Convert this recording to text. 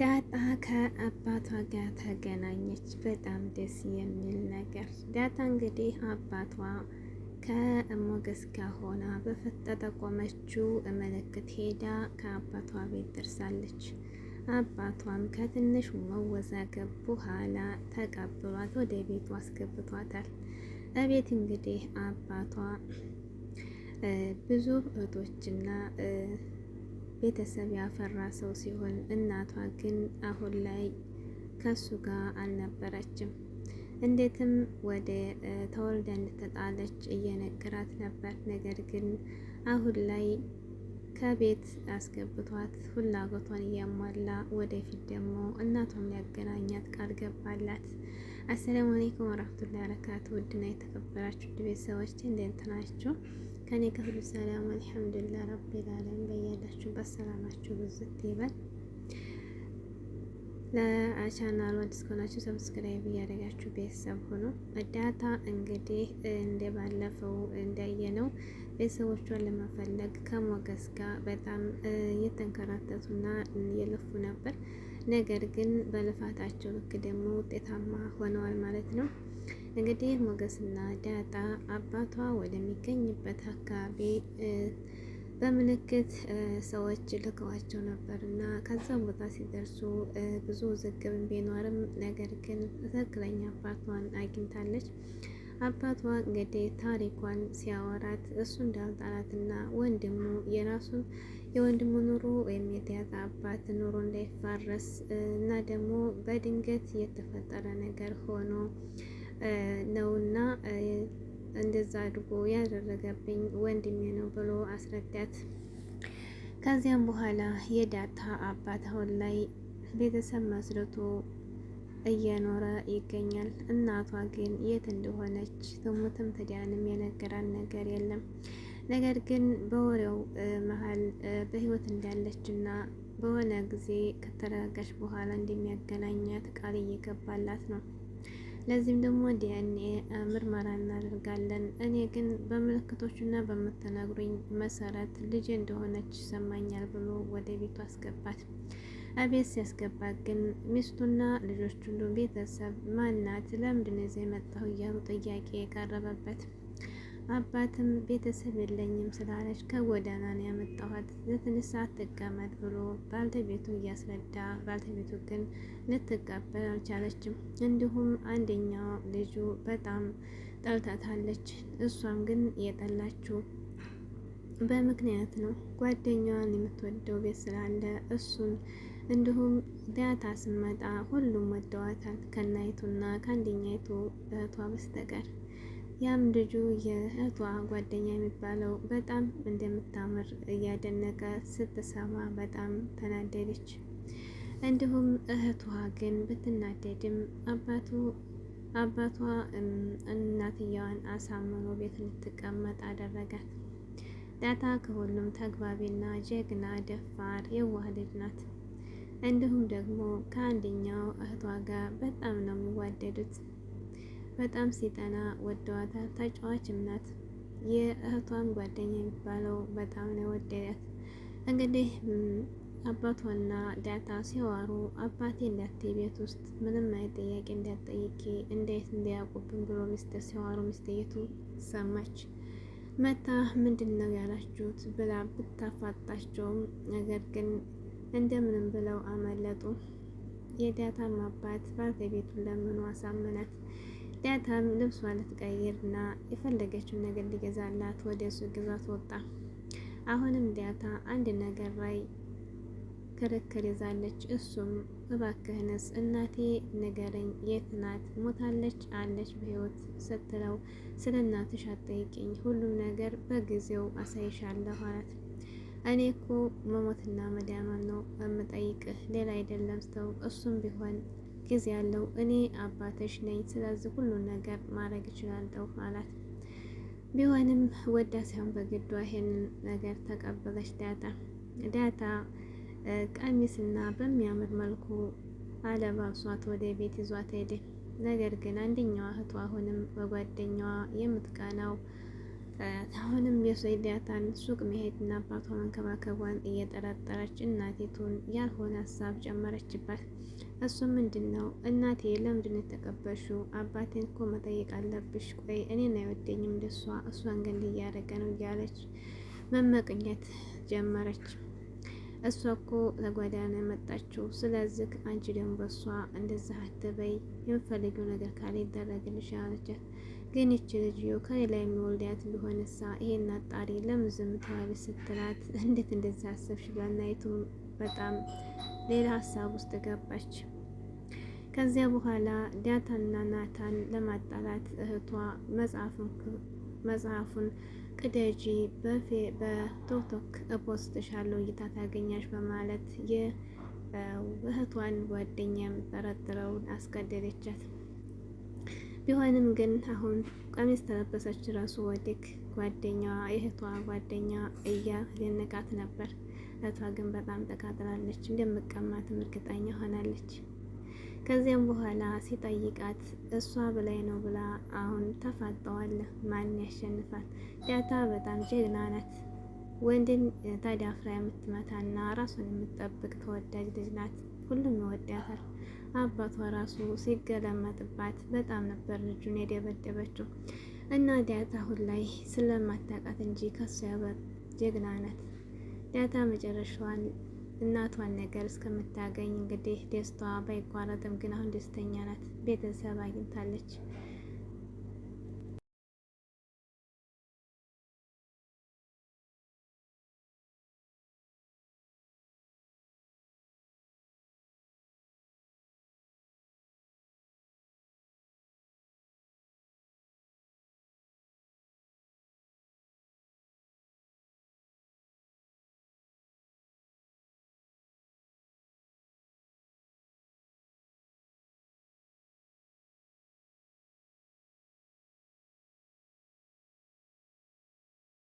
ዳጣ ከአባቷ ጋር ተገናኘች። በጣም ደስ የሚል ነገር። ዳጣ እንግዲህ አባቷ ከሞገስ ጋር ሆና በፈጠጠ ምልክት ሄዳ ከአባቷ ቤት ደርሳለች። አባቷም ከትንሽ መወዛገብ በኋላ ተቀብሏት ወደ ቤቱ አስገብቷታል። እቤት እንግዲህ አባቷ ብዙ እህቶችና ቤተሰብ ያፈራ ሰው ሲሆን እናቷ ግን አሁን ላይ ከሱ ጋር አልነበረችም። እንዴትም ወደ ተወልዳ እንድተጣለች እየነገራት ነበር። ነገር ግን አሁን ላይ ከቤት አስገብቷት ፍላጎቷን እያሟላ ወደፊት ደግሞ እናቷም ሊያገናኛት ቃል ገባላት። አሰላሙ አለይኩም ወራህመቱላሂ ወበረካቱ። ውድና የተከበራችሁ ውድ ቤተሰቦች እንዴት ናችሁ? ከኔ ከሁሉ ሰላም አልሐምዱሊላህ ረቢል ዓለሚን። በያላችሁበት ሰላማችሁ ብዝት ይበል። ለቻናሉ አዲስ ከሆናችሁ ሰብስክራይብ እያደረጋችሁ ቤተሰብ ሆኖ እርዳታ እንግዲህ እንደ ባለፈው እንዳየነው ቤተሰቦቿን ለመፈለግ ከሞገስ ጋር በጣም እየተንከራተቱና እየለፉ ነበር። ነገር ግን በልፋታቸው ልክ ደግሞ ውጤታማ ሆነዋል ማለት ነው። እንግዲህ ሞገስና ዳጣ አባቷ ወደሚገኝበት አካባቢ በምልክት ሰዎች ልከዋቸው ነበር እና ከዛ ቦታ ሲደርሱ ብዙ ውዝግብ ቢኖርም ነገር ግን ትክክለኛ አባቷን አግኝታለች። አባቷ እንግዲህ ታሪኳን ሲያወራት እሱ እንዳልጣላትና ወንድሙ የራሱን የወንድሙ ኑሮ የሚዲያት አባት ኑሮ እንዳይፋረስ እና ደግሞ በድንገት የተፈጠረ ነገር ሆኖ ነውና እንደዛ አድርጎ ያደረገብኝ ወንድሜ ነው ብሎ አስረዳት። ከዚያም በኋላ የዳታ አባት አሁን ላይ ቤተሰብ መስርቶ እየኖረ ይገኛል። እናቷ ግን የት እንደሆነች ትሙትም ትዳንም የነገራን ነገር የለም። ነገር ግን በወሬው መሀል በህይወት እንዳለች እና በሆነ ጊዜ ከተረጋጋች በኋላ እንደሚያገናኛት ቃል እየገባላት ነው። ለዚህም ደግሞ ዲኤንኤ ምርመራ እናደርጋለን፣ እኔ ግን በምልክቶቹና በምትነግሩኝ መሰረት ልጅ እንደሆነች ይሰማኛል ብሎ ወደ ቤቱ አስገባት። አቤት ሲያስገባ ግን ሚስቱና ልጆቹ ሁሉ ቤተሰብ ማናት ለምንድን ይዘህ የመጣሁ እያሉ ጥያቄ የቀረበበት አባትም ቤተሰብ የለኝም ስላለች ከጎዳና ነው ያመጣኋት ለትንሽ ሰዓት ትቀመጥ ብሎ ባልተቤቱ እያስረዳ ባልተቤቱ ግን ልትቀበል አልቻለችም። እንዲሁም አንደኛው ልጁ በጣም ጠልታታለች። እሷም ግን የጠላችው በምክንያት ነው ጓደኛዋን የምትወደው ቤት ስላለ እሱን እንዲሁም ዳታ ስመጣ ሁሉም ወደዋታል ከናይቱና ከአንደኛይቱ እህቷ በስተቀር። ያም ልጁ የእህቷ ጓደኛ የሚባለው በጣም እንደምታምር እያደነቀ ስትሰማ በጣም ተናደደች። እንዲሁም እህቷ ግን ብትናደድም አባቱ አባቷ እናትየዋን አሳምኖ ቤት እንድትቀመጥ አደረጋት። ዳታ ከሁሉም ተግባቢና ጀግና፣ ደፋር፣ የዋህ ልጅ ናት። እንዲሁም ደግሞ ከአንደኛው እህቷ ጋር በጣም ነው የሚዋደዱት። በጣም ሲጠና ወደዋታ ተጫዋችም ናት። የእህቷን ጓደኛ የሚባለው በጣም ነው የወደዳት። እንግዲህ አባቷና ዳታ ሲዋሩ አባቴ እንዳትይ ቤት ውስጥ ምንም አይነት ጥያቄ እንዳትጠይቂ እንዴት እንዲያውቁብን ብሎ ሚስትር ሲዋሩ ሚስትየቱ ሰማች። መታ ምንድን ነው ያላችሁት ብላ ብታፋጣቸውም ነገር ግን እንደምንም ብለው አመለጡ። የዳታም አባት ባለቤቱን ለምኑ አሳመናት። ዳታም ልብሷ ልትቀይርና የፈለገችውን ነገር ሊገዛላት ወደ እሱ ግዛት ወጣ። አሁንም ዳታ አንድ ነገር ላይ ክርክር ይዛለች። እሱም እባክህንስ እናቴ ንገረኝ፣ የት ናት? ሞታለች አለች በህይወት ስትለው ስለ እናትሽ አትጠይቅኝ፣ ሁሉም ነገር በጊዜው አሳይሻለሁ አላት። እኔ እኮ መሞትና መዳመን ነው የምጠይቅህ ሌላ አይደለም ሰው እሱም ቢሆን ጊዜ ያለው እኔ አባትሽ ነኝ። ስለዚህ ሁሉን ነገር ማድረግ እችላለሁ አላት። ቢሆንም ወዳ ሳይሆን በግዷ ይሄንን ነገር ተቀበለች። ዳታ ዳታ ቀሚስና በሚያምር መልኩ አለባብሷት ወደ ቤት ይዟት ሄደ። ነገር ግን አንደኛዋ እህቷ አሁንም በጓደኛዋ የምትቀናው አሁንም የሶይዳታን ሱቅ መሄድና አባቷ መንከባከቧን እየጠረጠረች እናቴቱን ያልሆነ ሀሳብ ጨመረችባት። እሱ ምንድን ነው እናቴ ለምንድን የተቀበሹ? አባቴን እኮ መጠየቅ አለብሽ። ቆይ እኔን አይወደኝም ደሷ እሷን ግን እያደረገ ነው እያለች መመቅኘት ጀመረች። እሷ እኮ ተጓዳና መጣችው። ስለዚህ አንቺ ደግሞ በእሷ እንደዛ አትበይ፣ የምፈልጊው ነገር ካለ ይደረግልሻል አለቻት። ግን ይች ልጅዮ ከሌላ የሚወልዳት ሳ ይሄን አጣሪ ለምን ዝም ትያለሽ ስትላት እንዴት እንደዛ አሰብሽ ብላናይቱ በጣም ሌላ ሀሳብ ውስጥ ገባች። ከዚያ በኋላ ዳታና ናታን ለማጣላት እህቷ መጽሐፉን ቅደጂ በቶክቶክ እፖስትሻለሁ እይታ ታገኛሽ በማለት የእህቷን ጓደኛ የምጠረጥረውን አስገደደቻት። ቢሆንም ግን አሁን ቀሚስ ተለበሰች። ራሱ ወዲክ ጓደኛዋ የእህቷ ጓደኛ እያ ሊነቃት ነበር። እህቷ ግን በጣም ተቃጥላለች፣ እንደምቀማትም እርግጠኛ ሆናለች። ከዚያም በኋላ ሲጠይቃት እሷ በላይ ነው ብላ አሁን ተፋጠዋል። ማን ያሸንፋል? ዳታ በጣም ጀግና ናት። ወንድን ታዲያ አፍራ የምትመታና ራሷን የምትጠብቅ ተወዳጅ ልጅ ናት። ሁሉም ይወዳታል። አባቷ ራሱ ሲገለመጥባት በጣም ነበር ልጁን የደበደበችው እና ዳያት አሁን ላይ ስለማታውቃት እንጂ ከሱ ያበር ጀግና ናት። ዳታ መጨረሻዋን እናቷን ነገር እስከምታገኝ እንግዲህ ደስታዋ ባይቋረጥም ግን አሁን ደስተኛ ናት። ቤተሰብ አግኝታለች።